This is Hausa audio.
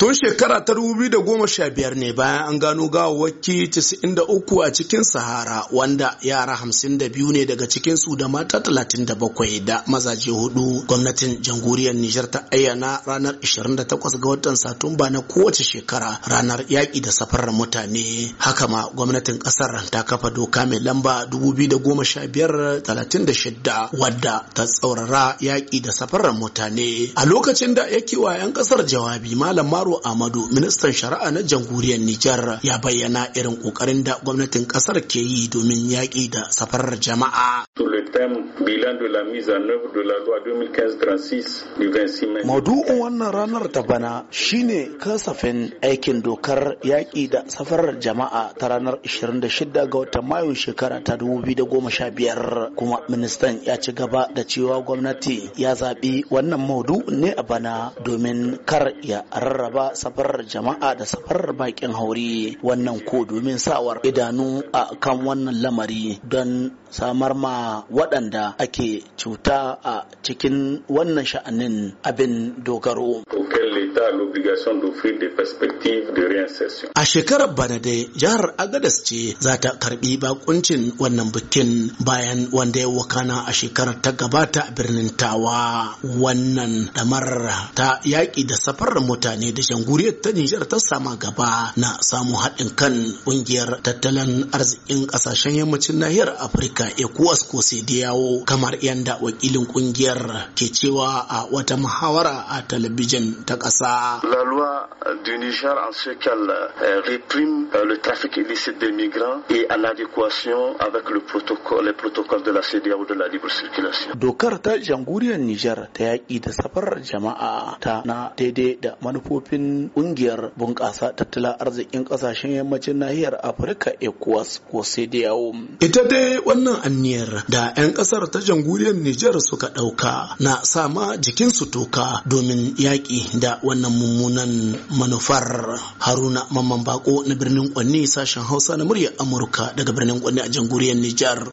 Tun shekara ta da goma sha biyar ne bayan an gano gawawwaki 93 a cikin Sahara wanda yara 52 ne daga cikinsu da mata 37 da mazaje hudu gwamnatin jamhuriyar Nijar ta ayyana ranar 28 ga watan Satumba na kowace shekara ranar yaƙi da safarar mutane. Haka ma gwamnatin ƙasar ta kafa doka mai lamba 2015-36 wadda ta tsaurara yaƙi da safarar mutane. A lokacin da yake wa 'yan ƙasar jawabi Malam Umaru Amadu ministan shari'a na jamhuriyar Nijar ya bayyana irin kokarin da gwamnatin kasar ke yi domin yaƙi da safarar jama'a. le thème bilan de la mise en œuvre de la loi 2015-36 du 26 mai. wannan ranar ta bana shine kasafin aikin dokar yaƙi da safarar jama'a ta ranar 26 ga watan Mayu shekara ta 2015 kuma ministan ya ci gaba da cewa gwamnati ya zaɓi wannan maudu'in ne a bana domin kar ya rarraba safarar jama'a da safarar baƙin hauri wannan ko domin sawar idanu a kan wannan lamari don samar ma waɗanda ake cuta a cikin wannan sha'anin abin dogaro. l'État a de réinsertion. A shekarar bana dai jihar Agadas ce za ta karbi bakuncin wannan bikin bayan wanda ya wakana a shekarar ta gabata a birnin Tawa wannan damar ta yaƙi da safarar mutane da shanguriyar ta Nijar ta sama gaba na samu haɗin kan ƙungiyar tattalin arzikin ƙasashen yammacin nahiyar Afirka ECOWAS da yawo kamar yanda wakilin ƙungiyar ke cewa a wata muhawara a talabijin ta ƙasa ba. La loi du Niger en ce qu'elle euh, réprime euh, le trafic illicite des migrants et à l'adéquation avec le protocole, les protocoles de la CDAO de la libre circulation. Dokar ta janguriyar Nijar ta yaƙi da safarar jama'a ta na daidai da manufofin ƙungiyar bunƙasa tattalin arzikin ƙasashen yammacin nahiyar Afirka ECOWAS ko CDAO. Ita dai wannan anniyar da 'yan ƙasar ta janguriyar Nijar suka ɗauka na sama su toka domin yaƙi da wannan mummunan manufar haruna mamman bako na birnin kwanne sashen hausa na murya amurka daga birnin kwanne a jamhuriyar nijar